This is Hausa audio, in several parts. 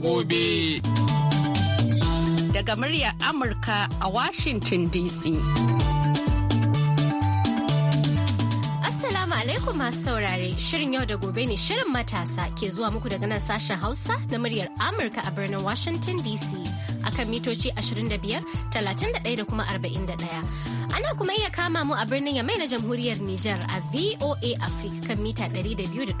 gobe. Daga muryar Amurka a Washington DC. Assalamu alaikum masu saurare shirin yau da gobe ne shirin matasa ke zuwa muku daga nan sashen Hausa na muryar Amurka a birnin Washington DC akan mitoci 25, 31 da kuma 41. Ana kuma iya kama mu a birnin Yamai na jamhuriyar Nijar a VOA Africa kan mita 200.5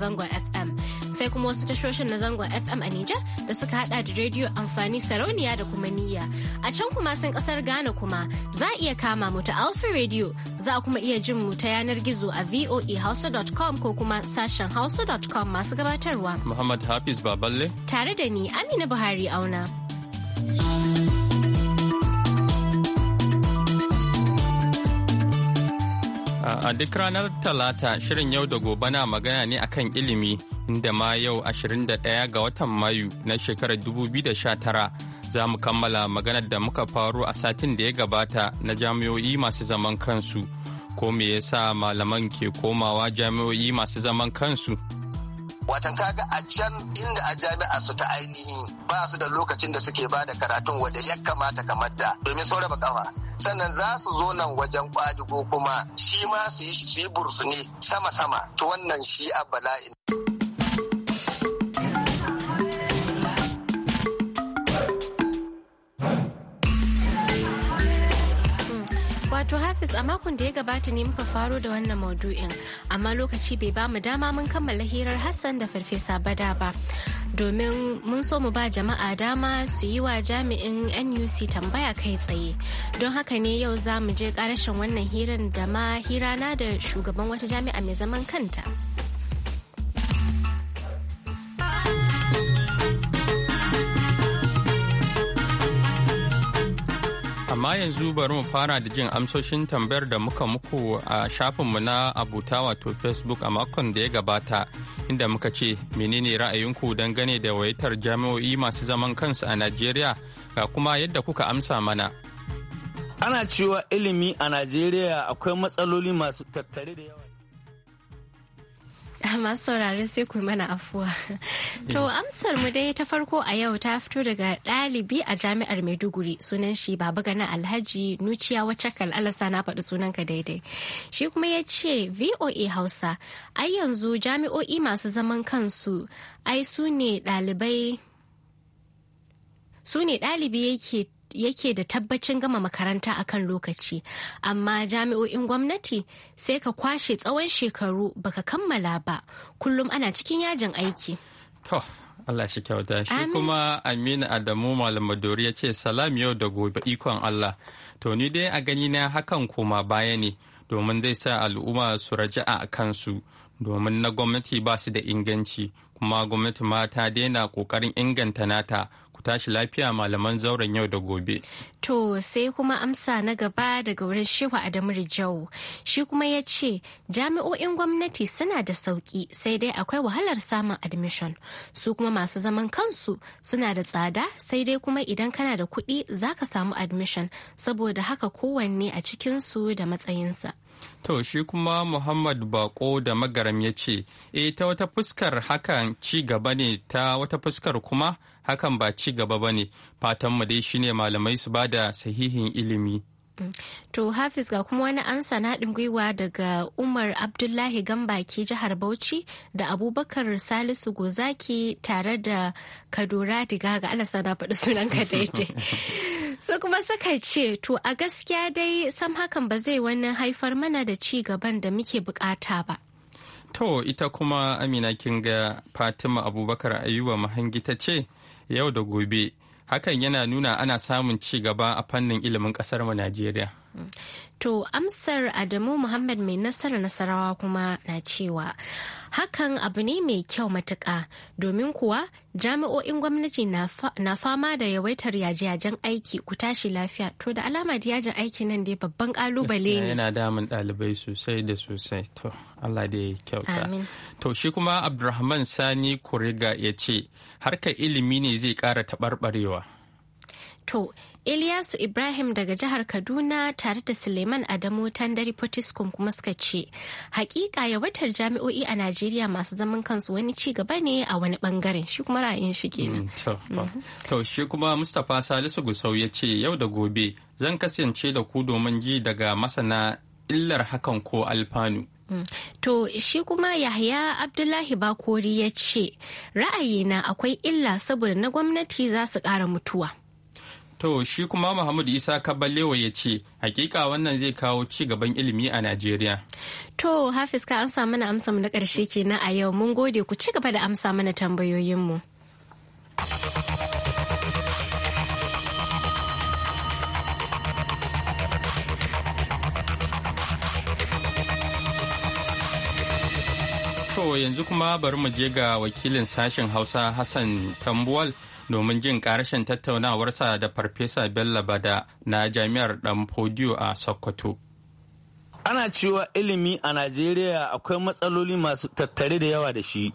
zangon FM sai kuma wasu tashoshin na zangon FM a Nijar da suka hada da rediyo amfani sarauniya da kuma niyya. A can kuma sun kasar Ghana kuma za a iya kama mu ta Alpha Radio za a kuma iya jin mu ta yanar gizo a voahausa.com ko kuma sashen hausa.com masu gabatarwa. Muhammad Hafiz Baballe. Tare da ni Amina Buhari auna. A duk ranar Talata shirin yau da gobe na magana ne akan ilimi inda ma yau 21 ga watan Mayu na shekarar 2019 za mu kammala maganar da muka faru a satin da ya gabata na jami'o'i masu zaman kansu. Ko me yasa malaman ke komawa jami'o'i masu zaman kansu? watan kaga a can inda a jami'a su ta ainihi ba su da lokacin da suke ba da karatun wanda ya kamata kamar da domin sauraba kafa sannan za su zo nan wajen kwadugo kuma shi ma su yi ne sama-sama to wannan shi a bala'in. To Hafiz a makon da ya gabata ne muka faro da wannan maudu'in amma lokaci bai ba mu dama mun kammala hirar Hassan da Farfesa Bada ba. Domin mun so mu ba jama'a dama su yi wa jami'in NUC tambaya kai tsaye. Don haka ne yau za mu je karashin wannan hirar da ma hirana da shugaban wata jami'a mai zaman kanta. amma yanzu bari mu fara da jin amsoshin tambayar da muka muku a shafinmu na abuta wato facebook a makon da ya gabata inda muka ce menene ra'ayinku dangane da wayatar jami'o'i masu zaman kansu a najeriya ga kuma yadda kuka amsa mana ana cewa ilimi a najeriya akwai matsaloli masu tattare da yawa masu saurare sai ku mana afuwa. To amsar mu dai ta farko a yau ta fito daga ɗalibi a jami'ar Maiduguri sunan shi Baba Gana Alhaji Nuciya Wacakal sa na faɗi sunan ka daidai. Shi kuma ya ce VOA Hausa ai yanzu jami'o'i masu zaman kansu ai su ne ɗalibai su ne ɗalibi yake yake da tabbacin gama makaranta a kan lokaci amma jami'o'in gwamnati sai ka kwashe tsawon shekaru baka kammala ba kullum ana cikin yajin aiki Allah shi kyauta shi kuma Aminu Adamu Malamadori ya ce salam yau da gobe ikon Allah to ni dai a gani na hakan koma baya ne domin zai sa al'umma su raja'a a kansu domin na gwamnati ba su da inganci kuma gwamnati ma ta daina kokarin inganta nata ku tashi lafiya malaman zauren yau da gobe. To sai kuma amsa na gaba daga wurin Shehu Adamu Rijau. Shi kuma ya ce jami'o'in gwamnati suna da sauki sai dai akwai wahalar samun admission. Su kuma masu zaman kansu suna da tsada sai dai kuma idan kana da kuɗi za ka samu admission saboda haka kowanne a cikinsu da matsayinsa. To shi kuma Muhammad Bako da Magaram ya ce, e ta wata fuskar hakan ci gaba ne ta wata fuskar kuma hakan ba ci gaba ba ne fatanmu dai shine malamai su ba da sahihin ilimi. Mm. To Hafiz ga kuma wani ansa na haɗin gwiwa daga Umar Abdullahi Gambaki jihar Bauchi da Abubakar Salisu Gozaki tare da kadura Diga ga Allah sana faɗi sunanka daidai. su kuma suka ce to a gaskiya dai sam hakan ba zai wani haifar mana da ci gaban da muke bukata ba to ita kuma amina kin ga fatima abubakar ayuba mahangi ta ce yau da gobe hakan yana nuna ana samun ci gaba a fannin ilimin kasar mu najeriya To amsar Adamu Muhammad mai nasara nasarawa kuma na cewa hakan abu ne mai kyau matuka domin kuwa jami'o'in gwamnati na fama da yawaitar yaje-yajen aiki ku tashi lafiya to da alama da yajin aiki nan dai babban kalubale ne yana damun ɗalibai sosai da sosai to Allah da ya kyauta to shi kuma Abdulrahman Sani Kuriga ya ce harkar ilimi ne zai ƙara taɓarɓarewa To, Ilyasu Ibrahim daga jihar Kaduna tare da Suleiman Adamu Tandari Potiskum kuma suka ce, hakika yawatar jami'o'i a Najeriya masu zaman kansu wani ci gaba ne a wani bangaren shi kuma ra'ayin shi kenan. Mm, to, shi kuma Mustapha Salisu Gusau ya ce yau da gobe zan kasance da ku domin ji daga masana illar hakan ko alfanu. Mm. To shi kuma Yahya Abdullahi Bakori ya ce, ra'ayina akwai illa saboda na gwamnati za su ƙara mutuwa. To shi kuma Muhammadu Isa Kabalewa ya ce hakika wannan zai kawo ci gaban ilimi a Najeriya. To Hafiz ka amsa mana amsa mu na ƙarshe kenan a yau mun gode ku ci gaba da amsa mana tambayoyinmu. To yanzu kuma bari mu je ga wakilin sashen Hausa Hassan Tambuwal. domin jin karashin tattaunawarsa da farfesa bello bada na jami'ar dan podio a sokoto ana cewa ilimi a najeriya akwai matsaloli masu tattare da yawa da shi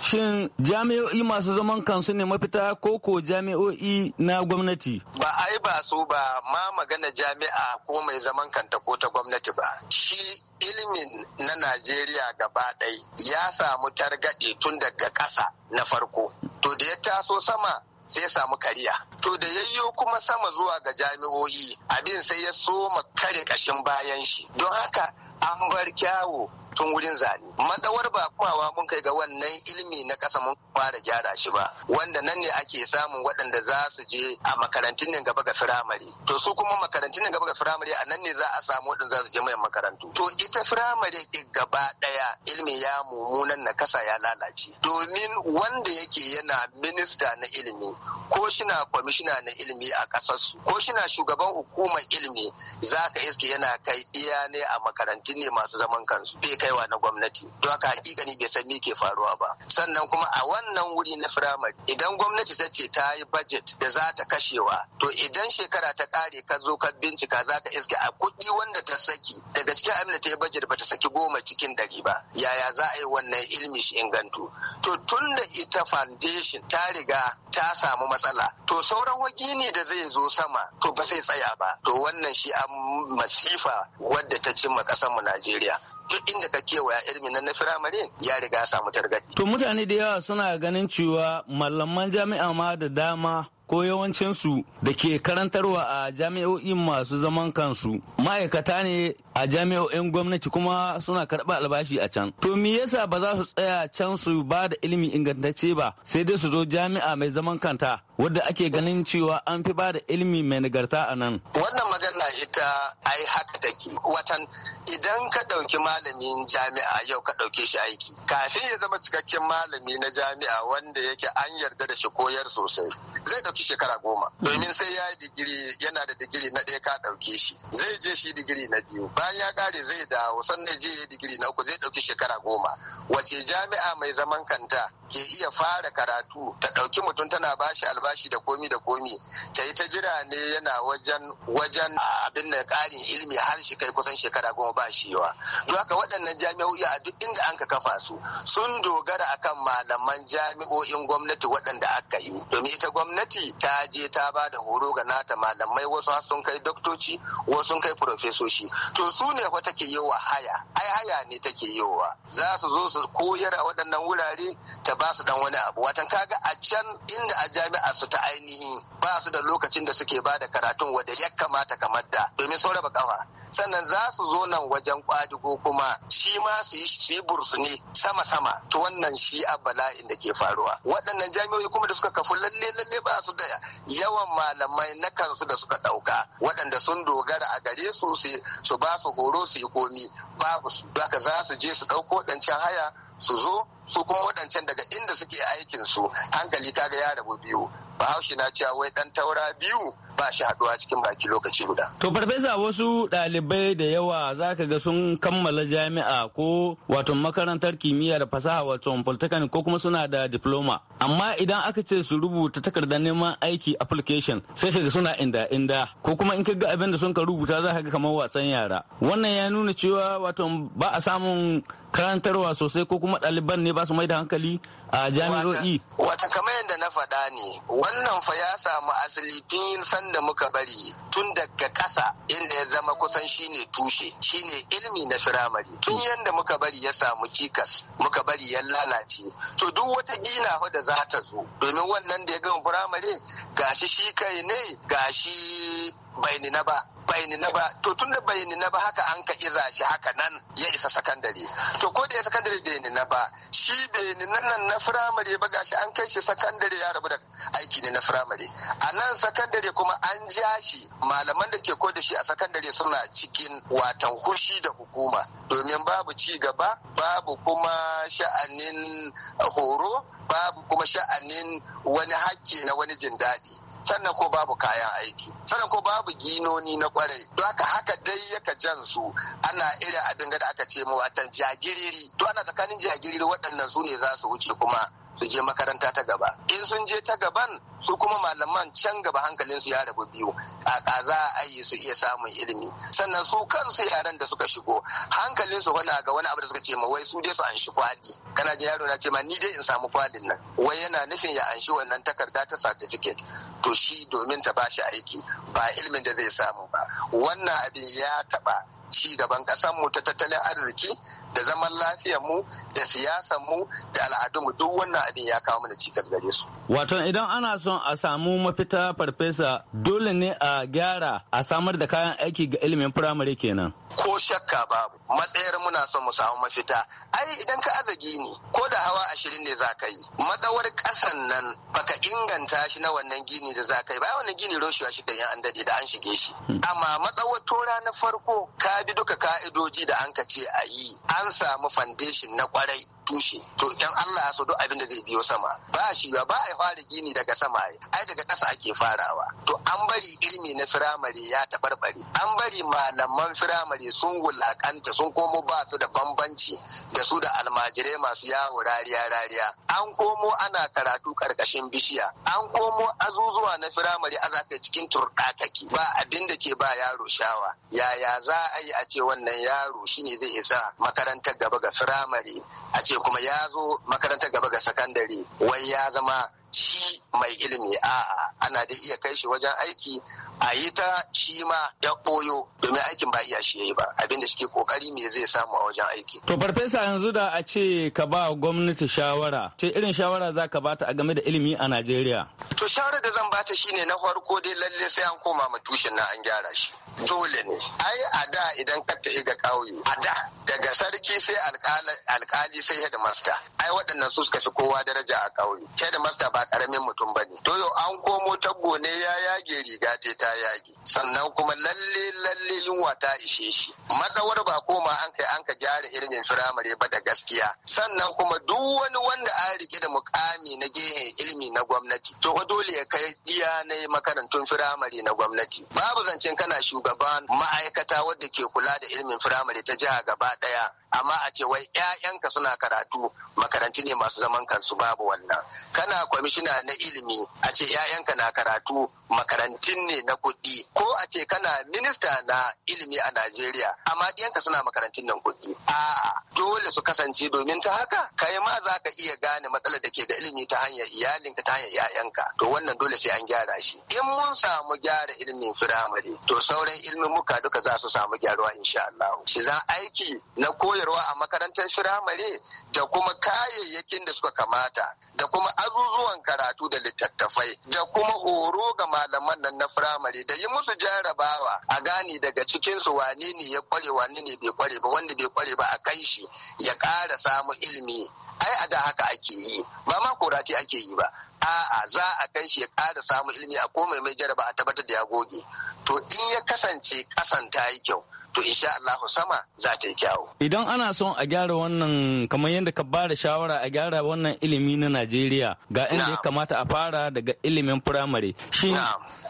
shin jami'o'i masu zaman kansu ne mafita ko ko jami'o'i na gwamnati ba ai ba su ba ma magana jami'a ko mai zaman kanta ko ta gwamnati ba shi ilimin na Najeriya gaba ɗai ya samu targaɗe tun daga ƙasa na farko. To da ya taso sama sai ya samu kariya to da yayyo kuma sama zuwa ga jami'o'i abin sai ya soma kare ƙashin bayan shi don haka an bar kyawu tun wurin zane. matsawar ba kumawa mun kai ga wannan ilimi na ƙasa mun fara gyara shi ba wanda nan ne ake samun waɗanda za su je a makarantun nan gaba ga firamare to su kuma makarantun nan gaba ga firamare a nan ne za a samu waɗanda za su je mai makarantu to ita firamare gaba ɗaya ilimi ya mummunan na ƙasa ya lalace domin wanda yake yana minista na ilimi ko shina kwamishina na ilimi a ƙasarsu ko shina shugaban hukumar ilimi za ka iske yana kai iya ne a makarantun ne masu zaman kansu kaiwa na gwamnati don haka hakikani bai san me ke faruwa ba sannan kuma a wannan wuri na firamare idan gwamnati ta ce ta yi budget da za ta kashewa to idan shekara ta kare ka zo ka bincika za ka iske a kuɗi wanda ta saki daga cikin abin da ta yi budget ba ta saki goma cikin dari ba yaya za a yi wannan ilmi shi ingantu to tun da ita foundation ta riga ta samu matsala to sauran wagi ne da zai zo sama to ba sai tsaya ba to wannan shi an masifa wadda ta cimma ƙasarmu Najeriya duk inda ka kewaya nan na firamare ya riga ya samu targaɗi. To mutane da yawa suna ganin cewa malaman jami'a ma da dama ko yawancinsu da ke karantarwa a jami'o'i masu zaman kansu ma'aikata ne a jami'o'in gwamnati kuma suna karɓa albashi a can to me yasa ba za su tsaya can su ba da ilimi ingantacce ba sai dai su zo jami'a mai zaman kanta wadda ake ganin cewa an fi ba ilimi mai nagarta a nan. Wannan magana ita ai haka take watan idan ka ɗauki malamin jami'a yau ka ɗauke shi aiki. Kafin ya zama cikakken malami na jami'a wanda yake an yarda da shi koyar sosai zai ɗauki shekara goma. Mm. Domin sai ya yi digiri yana da digiri na ɗaya ka ɗauke shi. Zai je shi digiri na biyu bayan ya ƙare zai dawo sannan je ya digiri na uku zai ɗauki shekara goma. Wace jami'a mai zaman kanta ke iya fara karatu ta ɗauki mutum tana bashi albarka bashi da komi da komi ta yi ta jira ne yana wajen wajen abin da ƙarin ilimi har shi kai kusan shekara goma ba shi yawa don haka waɗannan jami'o'i a duk inda an kafa su sun dogara akan malaman jami'o'in gwamnati waɗanda aka yi domin ita gwamnati ta je ta ba da horo ga nata malamai wasu sun kai doktoci wasu sun kai profesoshi to su ne fa take yi wa haya ai haya ne take yi wa za su zo su koyar a waɗannan wurare ta ba su dan wani abu watan kaga a can inda a jami'a su ta ainihin ba su da lokacin da suke ba da karatun wadda ya kamata kamar da domin sun raba kafa sannan za su zo nan wajen kwadigo kuma shi ma su yi ne sama-sama to wannan shi a bala'in da ke faruwa waɗannan jami'o'i kuma da suka kafu lalle lalle ba su da yawan malamai na kansu da suka ɗauka waɗanda sun dogara a gare su su ba su horo su yi komi babu su za su je su ɗauko waɗancan haya su zo su kuma waɗancan daga inda suke aikin su hankali kaga ya rabu biyu bahaushe na cewa wai dan taura biyu ba shi haduwa cikin baki lokaci guda. To farfesa wasu ɗalibai da yawa za ka ga sun kammala jami'a ko wato makarantar kimiyya da fasaha wato politikan ko kuma suna da diploma. Amma idan aka ce su rubuta takardar neman aiki application sai ka ga suna inda inda ko kuma in ka ga abin da sun ka rubuta za ka ga kamar wasan yara. Wannan ya nuna cewa wato ba a samun karantarwa sosai ko kuma ɗaliban ne ba su mai da hankali a jami'o'i wata kamar yadda na faɗa ne wannan fa ya samu asali tun sanda muka bari tun daga ƙasa inda ya zama kusan shine tushe shine ilimi na firamare tun yadda muka bari ya samu cikas muka bari ya lalace to duk wata gina fa da za ta zo domin wannan da ya gama firamare gashi shi kai ne gashi bai na ba bai na ba to tun da bai na ba haka an ka iza shi haka nan ya isa sakandare to ko da ya sakandare bai nina ba shi bai nina nan na firamare ba gashi an kai shi sakandare ya rabu da aiki ne na firamare a nan sakandare kuma an ja shi malaman da ke ko da shi a sakandare suna cikin watan hushi da hukuma domin babu ci gaba babu kuma sha'anin horo babu kuma sha'anin wani hakki na wani jin daɗi sannan ko babu kayan aiki sannan ko babu ginoni na kwarai don haka haka dai yaka jan su ana irin abin da aka ce mu watan jagiriri to ana tsakanin jagiriri waɗannan su ne za su wuce kuma su je makaranta ta gaba in sun je ta gaban su kuma malaman can gaba hankalinsu ya rabu biyu kaka za a yi su iya samun ilimi sannan su kansu yaran da suka shigo hankalinsu su wani ga wani abu da suka ce ma wai su dai su anshi kwali kana jin yaro na ce ma ni dai in samu kwalin nan wai yana nufin ya anshi wannan takarda ta satifiket, to shi domin ta bashi aiki ba ilimin da zai samu ba wannan abin ya taɓa ci gaban mu ta tattalin arziki da zaman lafiyar mu da siyasar mu da al'adun mu duk wannan abin ya kawo mana cikas gare su wato idan ana son a samu mafita farfesa dole ne a gyara a samar da kayan aiki ga ilimin firamare kenan ko shakka babu matsayar muna son mu samu mafita ai idan ka azagi ne ko da hawa ashirin ne za ka yi matsawar ƙasan nan baka inganta shi na wannan gini da za ka yi ba wannan gini roshewa shi da yan an dade da an shige shi hmm. amma matsawar tora na farko ka bi duka ka'idoji da an ka ce a yi an samu foundation na kwarai tushe to idan Allah ya so duk abin da zai biyo sama ba shi ba ba a fara gini daga sama ai daga ƙasa ake farawa to an bari ilimi na firamare ya taɓarɓare an bari malaman firamare sun wulakanta sun komo ba su da bambanci da su da almajirai masu yawo rariya rariya an komo ana karatu karkashin bishiya an komo azuzuwa na firamare a zaka cikin turɗakaki ba abin da ke ba yaro shawa yaya za a yi a ce wannan yaro shine zai isa makarantar gaba ga firamare a ce ce kuma ya zo makarantar gaba ga sakandare wai ya zama shi mai ilimi a'a ana da iya kai shi wajen aiki a yi ta shi ma da ɓoyo domin aikin ba iya shi ya yi ba abin da suke kokari me zai samu a wajen aiki. To farfesa yanzu da a ce ka ba gwamnati shawara ce irin shawara za ka bata a game da ilimi a Najeriya. To shawara da zan bata shine na farko dai lalle sai an koma ma tushen na an gyara shi. Dole ne. Ai a da idan ka tafi ga ƙauye a da daga sarki sai alkali sai master, Ai waɗannan su suka fi kowa daraja a ƙauye. master ba ƙaramin mutum ba ne. To yau an komo taggo ne ya yage riga ta ta yage sannan kuma lalle lalle yunwa ta ishe shi matsawar ba koma an kai an ka gyara ilimin firamare ba da gaskiya sannan kuma duk wani wanda an rike da mukami na gehen ilimi na gwamnati to dole ya kai iya na makarantun firamare na gwamnati babu zancen kana shugaban ma'aikata wadda ke kula da ilimin firamare ta jiha gaba daya amma a ce wai 'ya'yanka suna karatu makarantu ne masu zaman kansu babu wannan kana kwamishina na ilimi a ce 'ya'yanka na karatu makarantun ne na kuɗi ko a ce kana minista na ilimi a Najeriya amma ɗiyanka suna makarantun nan kuɗi a'a dole su kasance domin ta haka kai ma za ka iya gane matsalar da ke da ilimi ta hanyar iyalinka ta hanyar ƴaƴanka to wannan dole sai an gyara shi in mun samu gyara ilimin firamare to sauran ilimin muka duka za su samu gyaruwa insha Allah shi za aiki na koya koyarwa a makarantar firamare da kuma kayayyakin da suka kamata da kuma azuzuwan karatu da littattafai da kuma horo ga malaman nan na firamare da yi musu jarabawa a gane daga cikinsu wane ne ya kware wane ne bai kware ba wanda bai kware ba a kai shi ya ƙara samun ilimi ai a da haka ake yi ba ma korati ake yi ba a'a za a kai shi ya ƙara samun ilimi a komai mai jaraba a tabbatar da ya goge to in ya kasance kasan ta yi kyau to insha Allah sama za ta yi kyau Idan ana son a gyara wannan kamar yadda ka ba da shawara a gyara wannan ilimi na Najeriya ga inda ya kamata a fara daga ilimin firamare. shi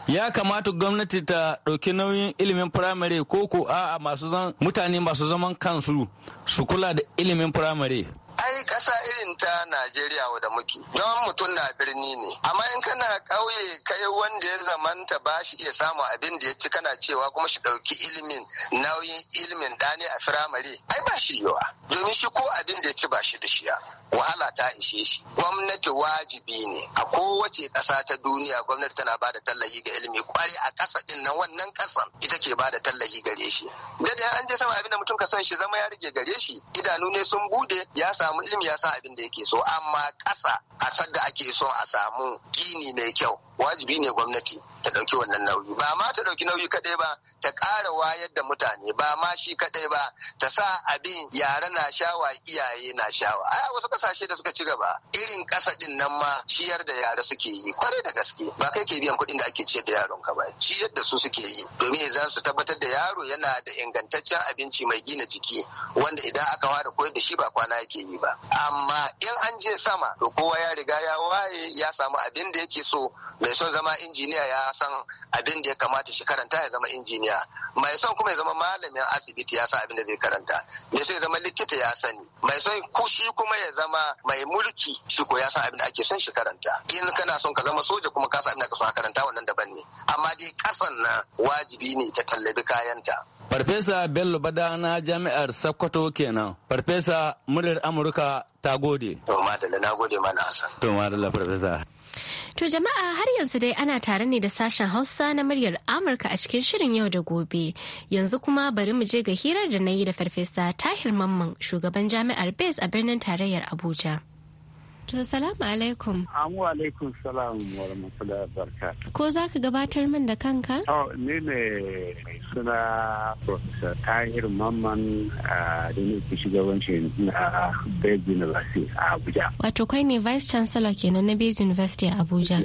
ya kamata gwamnati ta ɗauki nauyin ilimin firamare ko ko a'a masu mutane masu zaman kansu su kula da ilimin firamare. ai ƙasa irin ta Najeriya wadda muke don mutum na birni ne amma in kana ƙauye kai wanda ya zamanta ba shi iya samu abin da ya ci kana cewa kuma shi ɗauki ilimin nauyin ilimin ɗani a firamare ai ba shi yawa domin shi ko abin da ya ci ba shi da shiya wahala ta ishe shi gwamnati wajibi ne a kowace ƙasa ta duniya gwamnati tana ba da tallafi ga ilimi kwari a ƙasa ɗin nan wannan ƙasan ita ke ba da tallafi gare shi da an je sama abin da mutum ka son shi zama ya rage gare shi idanu ne sun bude ya samu samu ilimi ya san abin da yake so amma ƙasa a sadda ake so a samu gini mai kyau wajibi ne gwamnati ta ɗauki wannan nauyi ba ma ta ɗauki nauyi kaɗai ba ta ƙara wayar da mutane ba ma shi kaɗai ba ta sa abin yara na shawa iyaye na shawa a wasu ƙasashe da suka ci gaba irin ƙasa ɗin nan ma ciyar da yara suke yi kwarai da gaske ba kai ke biyan kuɗin da ake ciyar da yaron ka ba ciyar da su suke yi domin za su tabbatar da yaro yana da ingantaccen abinci mai gina jiki wanda idan aka ware koyar da shi ba kwana yake yi ba amma in an je sama to kowa ya riga ya waye ya samu abin da yake so mai son zama injiniya ya san abin da ya kamata shi karanta ya zama injiniya mai son kuma ya zama malamin asibiti ya san abin da zai karanta mai son ya zama likita ya sani mai son Kushi kuma ya zama mai mulki shi ko ya san abin da ake son shi karanta in kana son ka zama soja kuma ka san abin da ka son karanta wannan daban ne amma dai kasan nan wajibi ne ta tallabi kayanta Farfesa Bello Bada na Jami'ar Sokoto kenan. Farfesa muryar Amurka ta gode. To madalla na gode mana Hassan. To madalla Farfesa. To jama'a har yanzu dai ana tare ne da sashen Hausa na muryar Amurka a cikin shirin yau da gobe. Yanzu kuma bari mu je ga hirar da na yi da Farfesa Tahir Mamman shugaban jami'ar Bez a birnin tarayyar Abuja. To salamu alaikum. Amu alaikum salam wa rahmatullahi barka. Ko za ka gabatar min da kanka? To ni ne mai suna Professor Tahir Mamman a Duniyar Shugabancin na Bez University a Abuja. Wato kai ne Vice Chancellor kenan na Bez University a Abuja.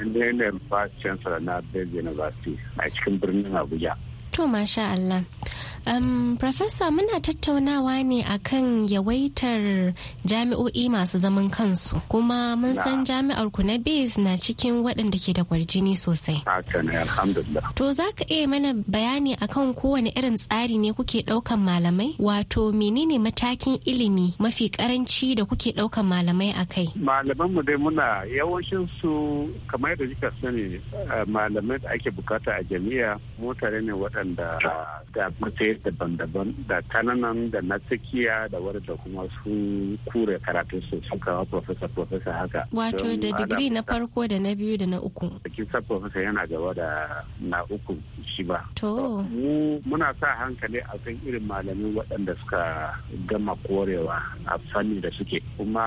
Ni ne Vice Chancellor na Bez University a cikin birnin Abuja. To masha Allah. Um, Profesa muna tattaunawa ne akan yawaitar jami'o'i masu zaman kansu kuma mun san jami'ar ku na base na cikin waɗanda ke da kwarjini sosai. To za ka iya mana bayani akan kowane irin tsari ne kuke ɗaukan malamai? Wato menene matakin ilimi mafi karanci da kuke ɗaukan malamai a kai? Malamanmu dai muna yawancin su kamar yadda kika sani eh, malamai da ake bukata a jami'a mutane ne waɗanda da daban-daban da kananan da na tsakiya da wadda kuma su kure karatu su sun kawo profesa profesa haka wato da digiri na farko da na biyu da na uku kisa profesa yana gaba da na uku shi ba to mu muna sa hankali a kan irin malamin waɗanda suka gama korewa a fanni da suke kuma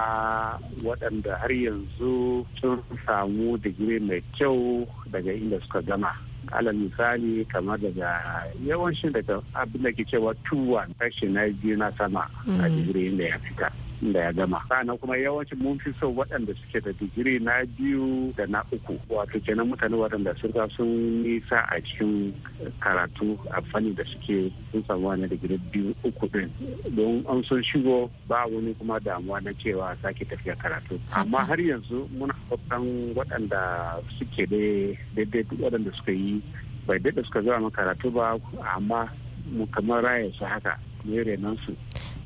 waɗanda har yanzu sun samu digiri mai kyau daga inda suka gama alal misali kamar daga yawancin daga abin da ke cewa 2-1 kashi na biyu na sama a mm. digiri da ya fita lokacin da ya gama sannan kuma yawancin mun fi so waɗanda suke da digiri na biyu da na uku wato kenan mutane waɗanda sun ga sun nisa a cikin karatu a fannin da suke sun samu wani digiri biyu uku din don an sun shigo ba wani kuma damuwa na cewa sake tafiya karatu amma har yanzu muna kwafan waɗanda suke daidai waɗanda suka yi bai daidai suka zama karatu ba amma mu kamar raya su haka mere nan su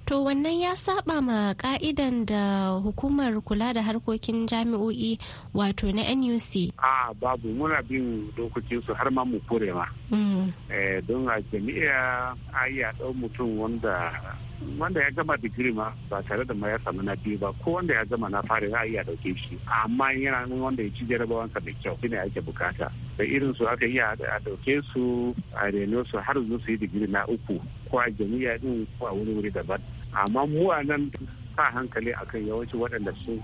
To wannan ya saba ma ka'idan da hukumar kula da harkokin jami'o'i wato na NUC. A babu muna bin su har ma mu kore ma. Mm. Eh, don a jami'a a iya mutum wanda wanda ya gama digiri ma ba tare da ma samu na biyu ba ko wanda ya gama na fari za a iya dauke shi amma yana nan wanda ya ci jarabawansa da kyau shine ake bukata da irin su aka iya a dauke su a reno su har zo su yi digiri na uku ko a jami'a din ko a wani wuri daban amma mu a nan sa hankali akan yawanci waɗanda sun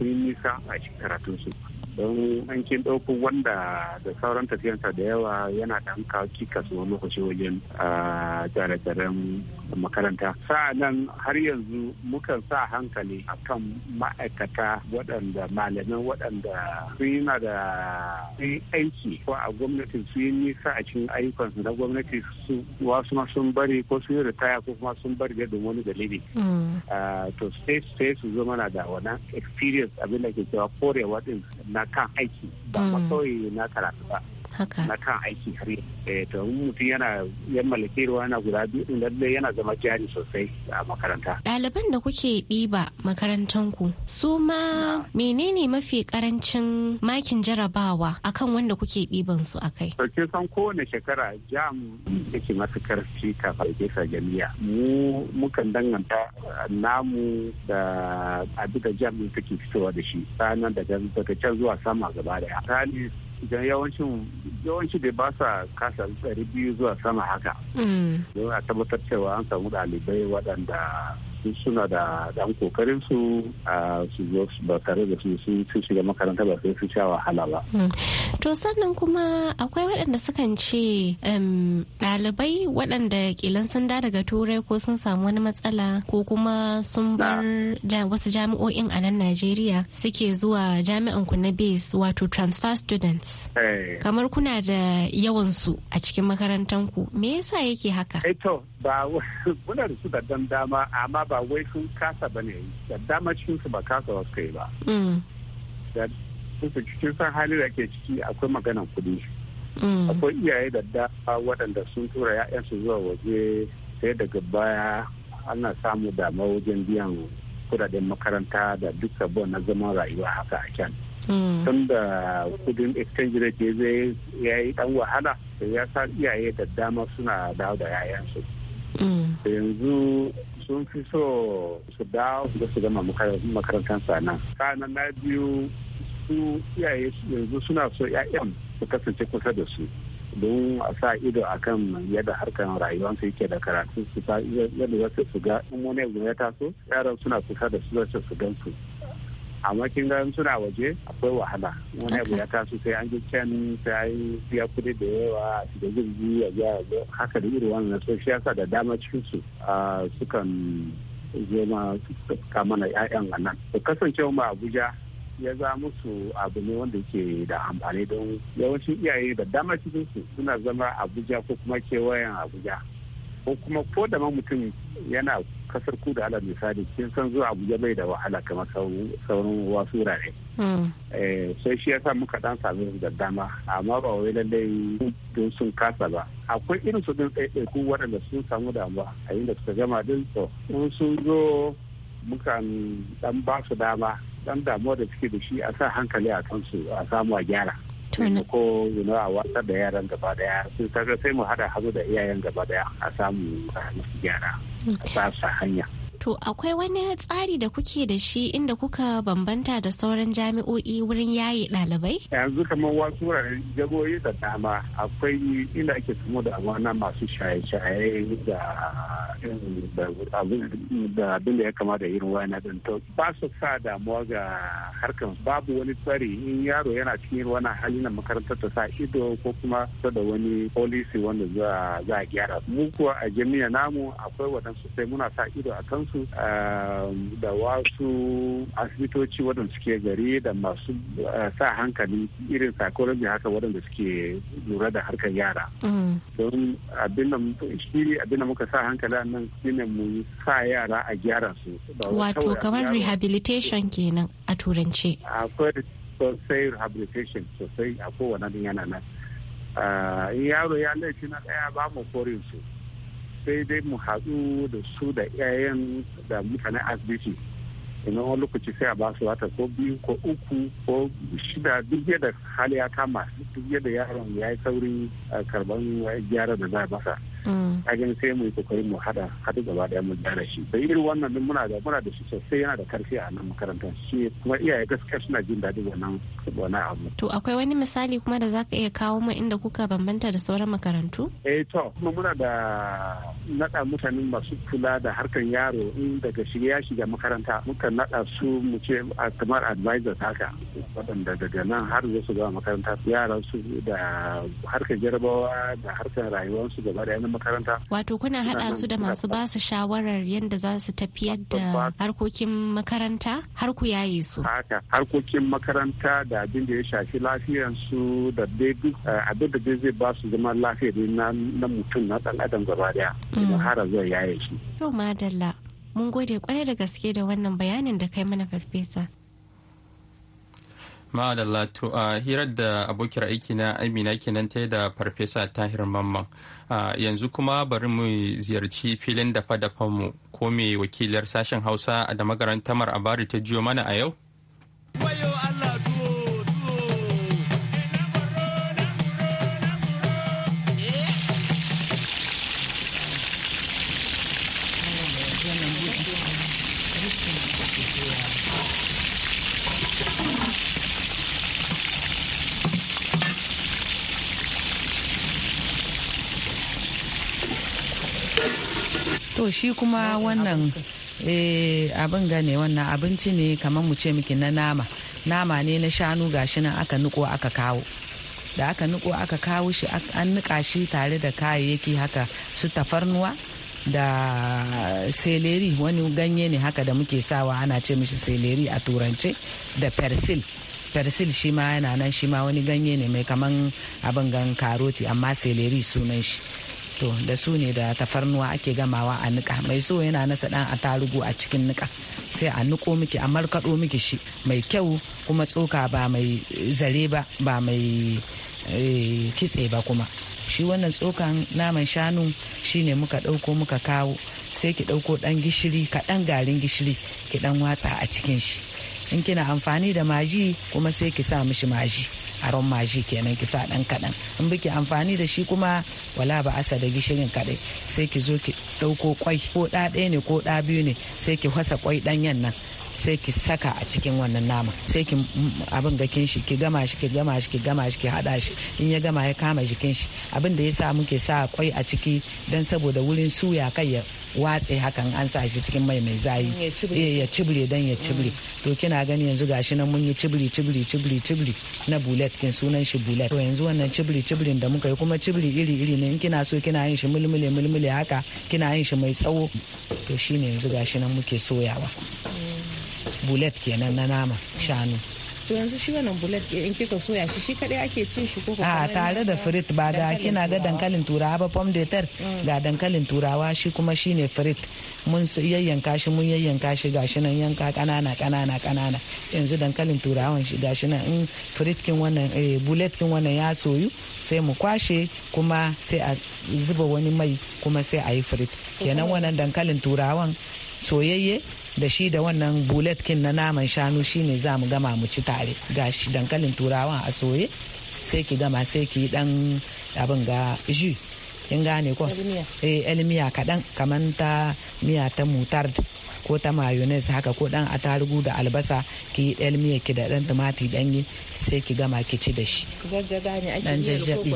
yi nisa a karatunsu don an kin ɗaukun wanda da sauran tafiyansa da yawa yana da an kawo su wani lokaci wajen a tsaren makaranta nan har yanzu mukan sa hankali a kan ma'aikata waɗanda malamin waɗanda sun yi na da aiki ko a gwamnati su yi nisa a cikin ayyukansu na gwamnati su wasu ma sun bari ko sun yi ritaya ko kuma sun bari da wani dalili mm. to sai su zo mana da wannan experience abin da ke cewa korewa din na na kan aiki ba kawai mm. na karatu ba na kan aiki har eh, to mutum yana yan mallake yana guda biyu lalle yana zama jari sosai a makaranta ɗaliban da kuke ɗiba makarantanku su ma menene mafi karancin makin jarabawa akan wanda kuke ɗiban su akai sauke san kowane shekara jam yake matukar ci kafin sa jami'a mu mukan danganta namu da abin da jam take fitowa da shi sanan daga can zuwa sama gaba daya don yawancin yawanci da ba sa kasa biyu zuwa sama haka mm. don a tabbatar cewa an samu ɗalibai waɗanda su suna da dan kokarin su a su zo ba tare da su su shiga makaranta ba sai su sha wahala ba. Hmm. To sannan kuma akwai waɗanda sukan ce ɗalibai waɗanda kilan sun da daga turai ko sun samu wani matsala ko kuma sun bar wasu jami'o'in a nan Najeriya suke zuwa jami'an ku na base wato transfer students. Eh. Kamar kuna da yawan su a cikin makarantanku me yasa yake haka? Eh to ba muna da su da dama amma ba wai sun kasa ba ne da damacin cikinsu ba kasa wasu kai ba mm. da su cikin san hali da ke ciki akwai maganan kudi mm. akwai iyaye da da waɗanda sun tura 'ya'yansu zuwa waje sai daga baya ana samu dama wajen biyan kudaden makaranta da duk sabon na zaman rayuwa haka a can mm. tun da kudin exchange rate zai ya yi dan wahala da ya sa iyaye da dama suna dawo da yayansu yanzu sun fi so su dawo su su gama makarantar sana Sana na biyu su iyaye yanzu suna so 'ya'yan su kasance kusa da su don a sa ido a kan yadda harkar rayuwarsu yake da karatu su yadda za su ga in wani ya taso yaran suna kusa da su za su gan su amma kin ga suna waje akwai wahala wani abu ya taso sai an ji can sai ya biya da yawa a shiga jirgi a biya haka da irin wannan so shi yasa da dama cikin su sukan zo ma suka mana ƴaƴan a nan to kasancewa ma Abuja ya za musu abu ne wanda ke da amfani don yawancin iyaye da dama cikin su suna zama Abuja ko kuma kewayen Abuja ko kuma ko da ma mutum yana kasar ku da alal misali kin san zuwa abuja bai da wahala kamar sauran wasu wurare hmm. eh, sai shi yasa muka dan sami da dama amma ba wai lallai don sun kasa ba akwai irin su din ku waɗanda sun samu damuwa a yin da suka gama din to in sun zo muka dan ba su dama dan damuwa da suke da shi a sa hankali a kansu a samu a gyara ko you a watsar da yaran gaba daya sun sai mu hada hazo da iyayen gaba daya a samu a gyara 干啥呀？To akwai wani tsari da kuke da shi inda kuka bambanta da sauran jami'o'i wurin yaye ɗalibai? Yanzu kamar wasu wuraren jagoyi da dama akwai inda ake samu da amana masu shaye-shaye da abin da ya kamata irin wani abin. to ba su sa damuwa ga harkar. babu wani tsari in yaro yana cikin wani hali na makarantar ta sa ido ko kuma ta da wani policy wanda za a gyara mu kuwa a jami'a namu akwai waɗansu sai muna sa ido a kansu su ehm, da wasu asibitoci waɗanda suke gari da masu eh, sa hankali irin psychology haka waɗanda suke lura da harkar yara mm. don abin da muka sa hankali a nan shine mu sa yara a gyara su wato kamar rehabilitation kenan a turance akwai sosai rehabilitation sosai a kowane yana nan eh, yaro ya laifi na ɗaya ba mu korin su sai dai mu haɗu da su da yayan da mutane asibiti ina wani lokaci sai a basu wata ko biyu ko uku ko shida duk yadda hali ya kama duk yadda yaron ya yi saurin eh, karban gyara da za a basa Mm. kajin sai mu yi kokarin mu hada hadu gaba daya mu gyara shi da irin wannan din muna da muna da shi sosai yana da karfi a nan makaranta shi kuma iyaye gaskiya suna jin daɗin wannan wannan abu to akwai wani misali kuma da zaka iya kawo mu inda kuka bambanta da sauran makarantu eh to kuma muna da nada mutanen masu kula da harkan yaro in daga shige ya shiga makaranta muka nada su mu ce kamar advisor haka waɗanda daga nan har zai su ga makaranta yaran su da harkan jarabawa da harkar rayuwarsu gaba daya makaranta wato kuna hada su da masu ba su shawarar yadda za su tafiyar da harkokin makaranta har ku yaye su haka harkokin makaranta da abin da ya shafi lafiyar su da dai eh, abin da dai zai ba su zama lafiyar na mutum na dan adam gaba daya mm. idan har zuwa yaye shi Yau madalla mun gode kwarai da gaske da wannan bayanin da kai mana farfesa Ma'adalla to a hirar da abokiyar aiki na Amina kenan ta da Farfesa Tahir Mamman. yanzu kuma bari mu ziyarci filin dafa-dafanmu ko mai wakilar sashen Hausa da magaran Tamar Abari ta jiyo mana a yau? to shi kuma wannan eh, abin gane wannan abinci ne kamar mu ce miki na nama nama ne na shanu gashi nan aka niko aka kawo da aka niko aka kawo shi an nika shi tare da kayayyaki haka su tafarnuwa da seleri wani ganye ne haka da muke sawa ana ce mishi seleri a turance da persil persil shi ma yana nan shi ma wani ganye ne mai kaman abin gan karoti amma seleri sunan shi to da su ne da tafarnuwa ake gamawa a nika mai so yana nasa dan a tarugu a cikin nika sai a niko miki a markaɗo miki shi mai kyau kuma tsoka ba mai zare ba ba mai eh, kitse ba kuma shi wannan tsokan naman shanu shi ne muka ɗauko muka kawo sai ki ɗauko ɗan gishiri kaɗan garin gishiri ki ɗan watsa a cikin shi in kina amfani da maji kuma sai ki sa mishi maji aron maji kenan ki sa dan kadan in biki amfani da shi kuma wala ba asa da gishirin kadai sai ki zo ki dauko kwai ko da ɗaya ne ko da biyu ne sai ki hasa kwai danyen nan sai ki saka a cikin wannan nama sai ki abin ga kin shi ki gama shi ki gama shi ki gama shi ki hada shi in ya gama ya kama jikin shi abin da yasa muke sa kwai a ciki dan saboda wurin suya kai ya watse hakan an sa shi cikin mai mai zayi ya cibre dan eh, ya cibre mm. to kina gani yanzu gashi nan mun yi cibri cibri cibire cibire na bullet kin sunan shi bullet to yanzu wannan cibri cibire da muka yi kuma cibire iri iri ne in kina so kina yin shi mulmule mulmule haka kina yin shi mai tsawo to shine yanzu gashi nan muke soyawa bullet kenan na nama shanu to yanzu shi wannan bullet in kika soya shi shi kadai ake cin shi ko a tare da frit ba ga kina ga dankalin turawa ba pom de ter mm. ga dankalin turawa shi kuma shine frit mun yayyanka shi mun yayyanka shi gashi nan yanka kanana kanana kanana yanzu dankalin turawan shi gashi nan in frit kin wannan eh, bullet kin wannan ya soyu sai mu kwashe kuma sai a zuba wani mai kuma sai a yi frit kenan wannan dankalin turawan soyayye da shi da wannan kin na naman shanu shine za mu gama mu ci tare shi dankalin turawan a soye sai ki gama sai ki dan abin ga ji in gane ko eh elmiya kadan kaman ta miya ta mutard ko ta mayonnaise haka ko dan atarugu da albasa ki yi ɗan miya ki da dan tumati ɗanye sai ki gama ki ci da shi dan jajjabi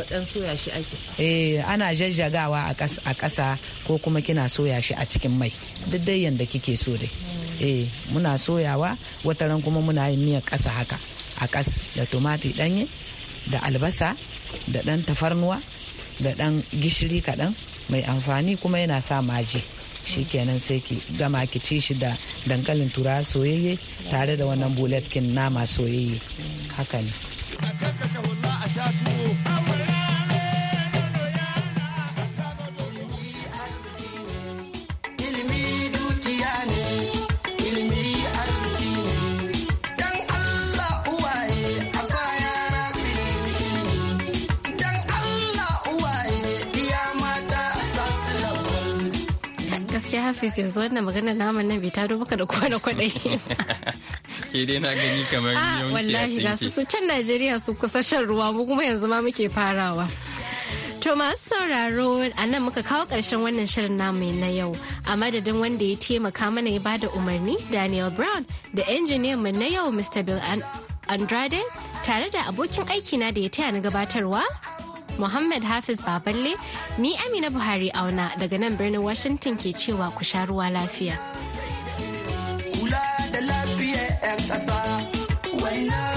eh ana jajjagawa a ƙasa ko kuma kina soya shi a cikin mai duk dai yanda kike so dai hmm. eh muna soyawa ran kuma muna yin miyar ƙasa haka a ƙas da tumati ɗanye da albasa da ɗan tafarnuwa da ɗan gishiri kaɗan mai amfani kuma yana sa maji. shikenan sai ki gama ki ci shi da dankalin turawa soyayye tare da wannan buletkin nama soyayye haka ne. hafiz yanzu wannan magana naman nan bai ta maka da kwana kwaɗayi ke dai na gani kamar ah, yau wallahi ga su can najeriya su kusa shan ruwa mu kuma yanzu ma muke farawa To masu sauraro a nan muka kawo karshen wannan shirin namu na yau a madadin wanda ya taimaka mana ya bada umarni Daniel Brown da injiniyan mu na yau Mr. Bill Andrade tare da abokin aikina da ya taya ni gabatarwa Muhammad Hafiz Baballe, ni Amina Buhari auna daga nan birnin Washington ke cewa ku sha ruwa lafiya. Kula da lafiya 'yan ƙasa, wannan